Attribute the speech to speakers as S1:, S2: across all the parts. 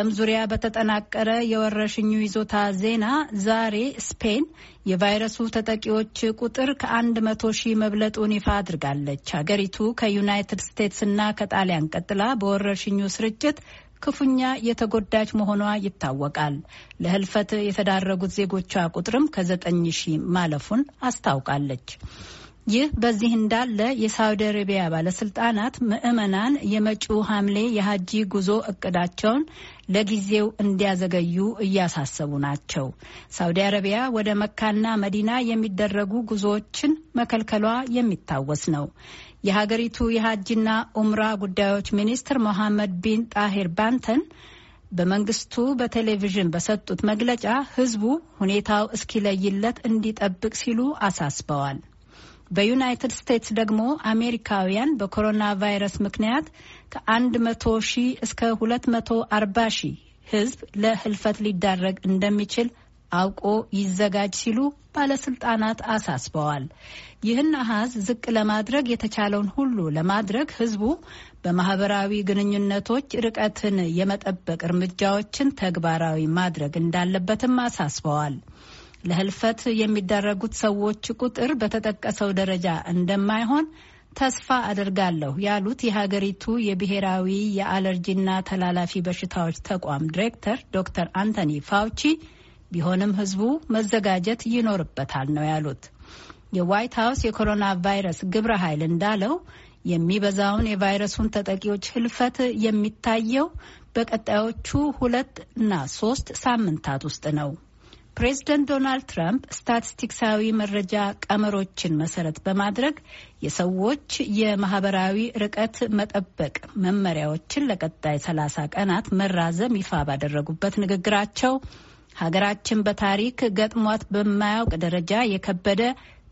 S1: በዓለም ዙሪያ በተጠናቀረ የወረሽኙ ይዞታ ዜና ዛሬ ስፔን የቫይረሱ ተጠቂዎች ቁጥር ከአንድ መቶ ሺህ መብለጡን ይፋ አድርጋለች። ሀገሪቱ ከዩናይትድ ስቴትስ እና ከጣሊያን ቀጥላ በወረርሽኙ ስርጭት ክፉኛ የተጎዳች መሆኗ ይታወቃል። ለህልፈት የተዳረጉት ዜጎቿ ቁጥርም ከዘጠኝ ሺህ ማለፉን አስታውቃለች። ይህ በዚህ እንዳለ የሳውዲ አረቢያ ባለስልጣናት ምዕመናን የመጪው ሐምሌ የሀጂ ጉዞ እቅዳቸውን ለጊዜው እንዲያዘገዩ እያሳሰቡ ናቸው። ሳውዲ አረቢያ ወደ መካና መዲና የሚደረጉ ጉዞዎችን መከልከሏ የሚታወስ ነው። የሀገሪቱ የሀጅና ኡምራ ጉዳዮች ሚኒስትር ሞሐመድ ቢን ጣሂር ባንተን በመንግስቱ በቴሌቪዥን በሰጡት መግለጫ ህዝቡ ሁኔታው እስኪለይለት እንዲጠብቅ ሲሉ አሳስበዋል። በዩናይትድ ስቴትስ ደግሞ አሜሪካውያን በኮሮና ቫይረስ ምክንያት ከ100 ሺህ እስከ 240 ሺህ ህዝብ ለህልፈት ሊዳረግ እንደሚችል አውቆ ይዘጋጅ ሲሉ ባለስልጣናት አሳስበዋል። ይህን አሀዝ ዝቅ ለማድረግ የተቻለውን ሁሉ ለማድረግ ህዝቡ በማህበራዊ ግንኙነቶች ርቀትን የመጠበቅ እርምጃዎችን ተግባራዊ ማድረግ እንዳለበትም አሳስበዋል። ለህልፈት የሚደረጉት ሰዎች ቁጥር በተጠቀሰው ደረጃ እንደማይሆን ተስፋ አድርጋለሁ ያሉት የሀገሪቱ የብሔራዊ የአለርጂና ተላላፊ በሽታዎች ተቋም ዲሬክተር ዶክተር አንቶኒ ፋውቺ፣ ቢሆንም ህዝቡ መዘጋጀት ይኖርበታል ነው ያሉት። የዋይት ሀውስ የኮሮና ቫይረስ ግብረ ኃይል እንዳለው የሚበዛውን የቫይረሱን ተጠቂዎች ህልፈት የሚታየው በቀጣዮቹ ሁለት እና ሶስት ሳምንታት ውስጥ ነው። ፕሬዝደንት ዶናልድ ትራምፕ ስታቲስቲክሳዊ መረጃ ቀመሮችን መሰረት በማድረግ የሰዎች የማህበራዊ ርቀት መጠበቅ መመሪያዎችን ለቀጣይ ሰላሳ ቀናት መራዘም ይፋ ባደረጉበት ንግግራቸው ሀገራችን በታሪክ ገጥሟት በማያውቅ ደረጃ የከበደ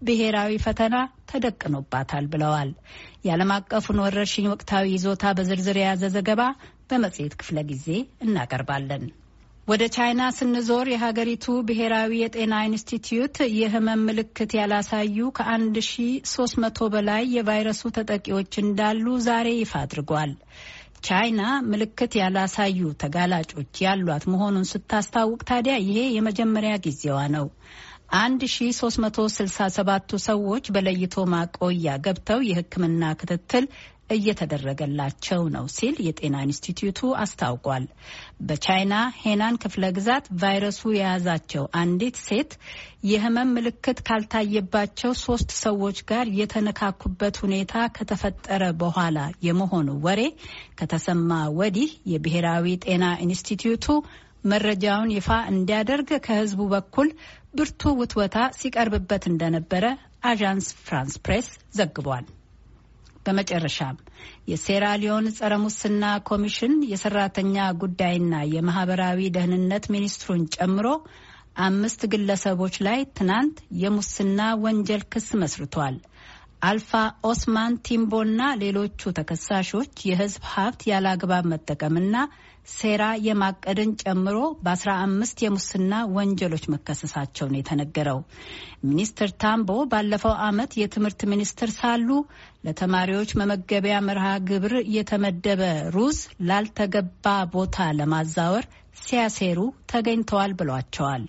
S1: ብሔራዊ ፈተና ተደቅኖባታል ብለዋል። የዓለም አቀፉን ወረርሽኝ ወቅታዊ ይዞታ በዝርዝር የያዘ ዘገባ በመጽሔት ክፍለ ጊዜ እናቀርባለን። ወደ ቻይና ስንዞር የሀገሪቱ ብሔራዊ የጤና ኢንስቲትዩት የህመም ምልክት ያላሳዩ ከ መቶ በላይ የቫይረሱ ተጠቂዎች እንዳሉ ዛሬ ይፋ አድርጓል። ቻይና ምልክት ያላሳዩ ተጋላጮች ያሏት መሆኑን ስታስታውቅ ታዲያ ይሄ የመጀመሪያ ጊዜዋ ነው። 1367ቱ ሰዎች በለይቶ ማቆያ ገብተው የሕክምና ክትትል እየተደረገላቸው ነው ሲል የጤና ኢንስቲትዩቱ አስታውቋል። በቻይና ሄናን ክፍለ ግዛት ቫይረሱ የያዛቸው አንዲት ሴት የህመም ምልክት ካልታየባቸው ሶስት ሰዎች ጋር የተነካኩበት ሁኔታ ከተፈጠረ በኋላ የመሆኑ ወሬ ከተሰማ ወዲህ የብሔራዊ ጤና ኢንስቲትዩቱ መረጃውን ይፋ እንዲያደርግ ከህዝቡ በኩል ብርቱ ውትወታ ሲቀርብበት እንደነበረ አዣንስ ፍራንስ ፕሬስ ዘግቧል። በመጨረሻም የሴራሊዮን ጸረ ሙስና ኮሚሽን የሰራተኛ ጉዳይና የማህበራዊ ደህንነት ሚኒስትሩን ጨምሮ አምስት ግለሰቦች ላይ ትናንት የሙስና ወንጀል ክስ መስርቷል። አልፋ ኦስማን ቲምቦ ና ሌሎቹ ተከሳሾች የህዝብ ሀብት ያለ አግባብ መጠቀምና ሴራ የማቀድን ጨምሮ በ15 የሙስና ወንጀሎች መከሰሳቸው ነው የተነገረው። ሚኒስትር ታምቦ ባለፈው ዓመት የትምህርት ሚኒስትር ሳሉ ለተማሪዎች መመገቢያ መርሃ ግብር የተመደበ ሩዝ ላልተገባ ቦታ ለማዛወር ሲያሴሩ ተገኝተዋል ብሏቸዋል።